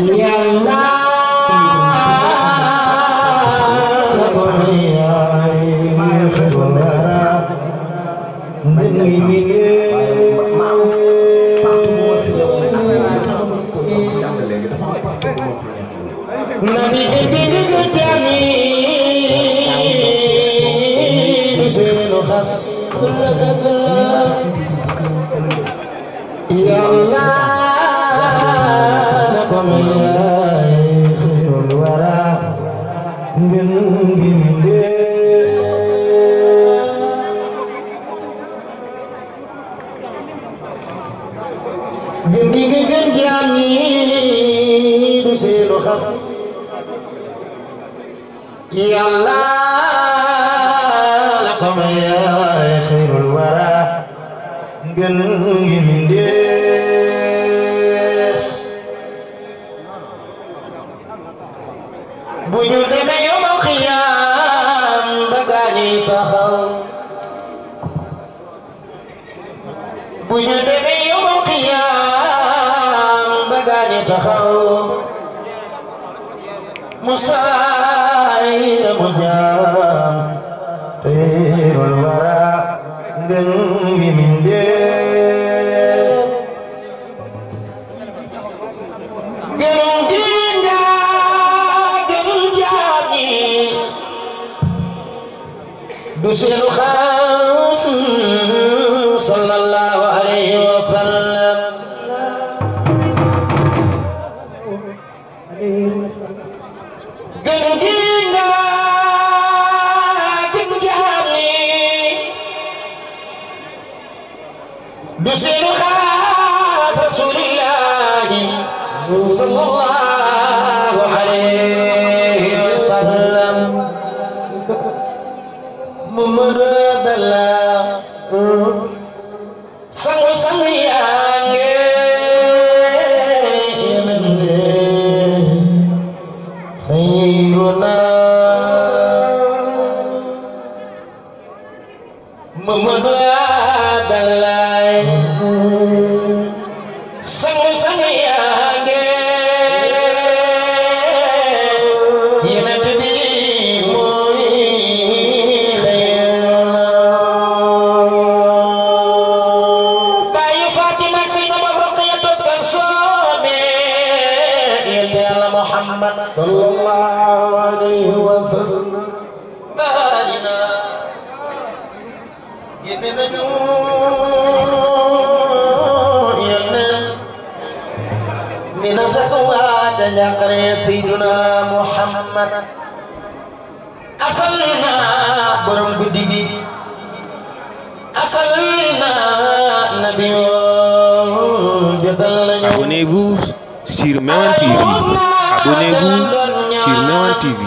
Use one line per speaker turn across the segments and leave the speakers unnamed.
يا الله gën ngi mindéef bu ñu demee yawmal xiyaam ba gaañi taxaw bu ñu demee yawmal xiyaam ba gaañi taxaw musaay mu jaam teerul wara Gracias. خيرنا ممدنا محمد صلى الله عليه وسلم بارنا يبن من سسوات يقر سيدنا محمد أصلنا برم بدي أصلنا نبي Abonnez-vous sur Maman TV. Abonnez-vous sur Meouane TV. sallallahu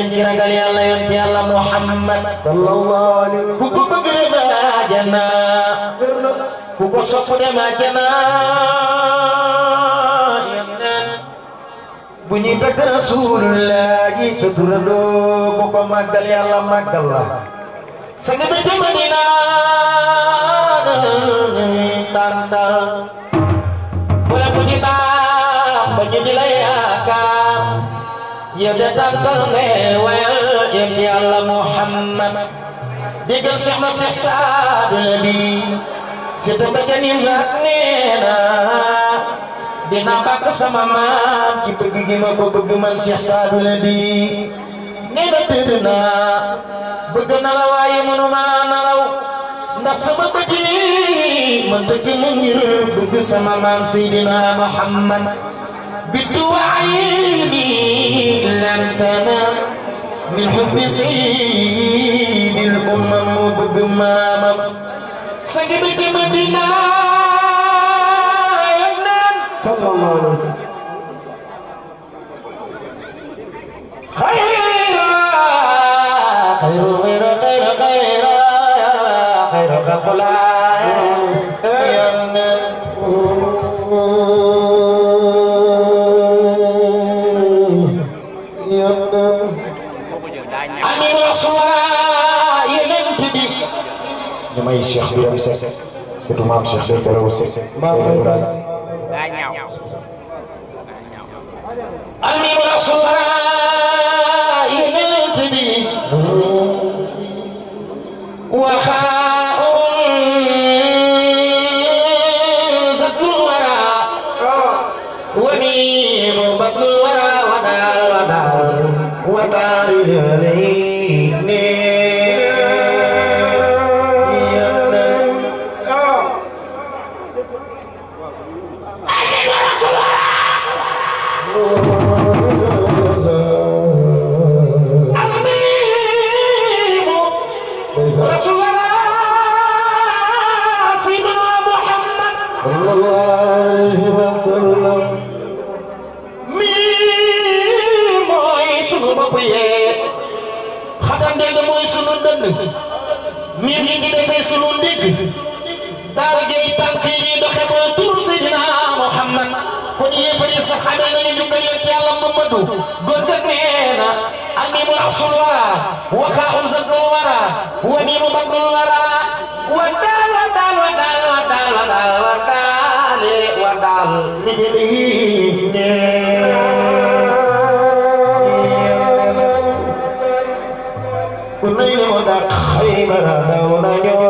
alaihi wasallam ku jana? bunyi tak lagi sesudah pokok magdal ya Allah magdal lah segede di Madinah tanda
boleh puji tak bunyi dilayakan
ya udah tangkal ngewel ya Allah Muhammad digal masih sesat Nabi Setempat janin zaknena
dina bàkk sama maam
ci bëgg gi ma ko bëgg man Cheikh Sadou la di ne da tëdd naa bëgg na la waaye mënuma nalaw ndax sama bët yi man dëgg mu ngir bëgg sama maam Seydina Muhammad bitu waayni lan tana min hubbi Seydina amina suma yonent bi ñu may Cheikh Biram Seck surtout maam Cheikh Béthio Raw Seck amina suma yonent bi Without you, sunu ye yee de la moy sunu dënn nit ñi di desee sunu ndigg ge gi tank yi ñuy doxé ko turu sayyidina Muhammad ko kon sahaba na nañu jukkal yonent yàlla Muhammadu góor ga nee na amimu asul wara wa xaaxul zazal wara wa ni mu bagnul wara wa dal wa dal wa dal wa dal wa dal wa daal wa daal para dauna yo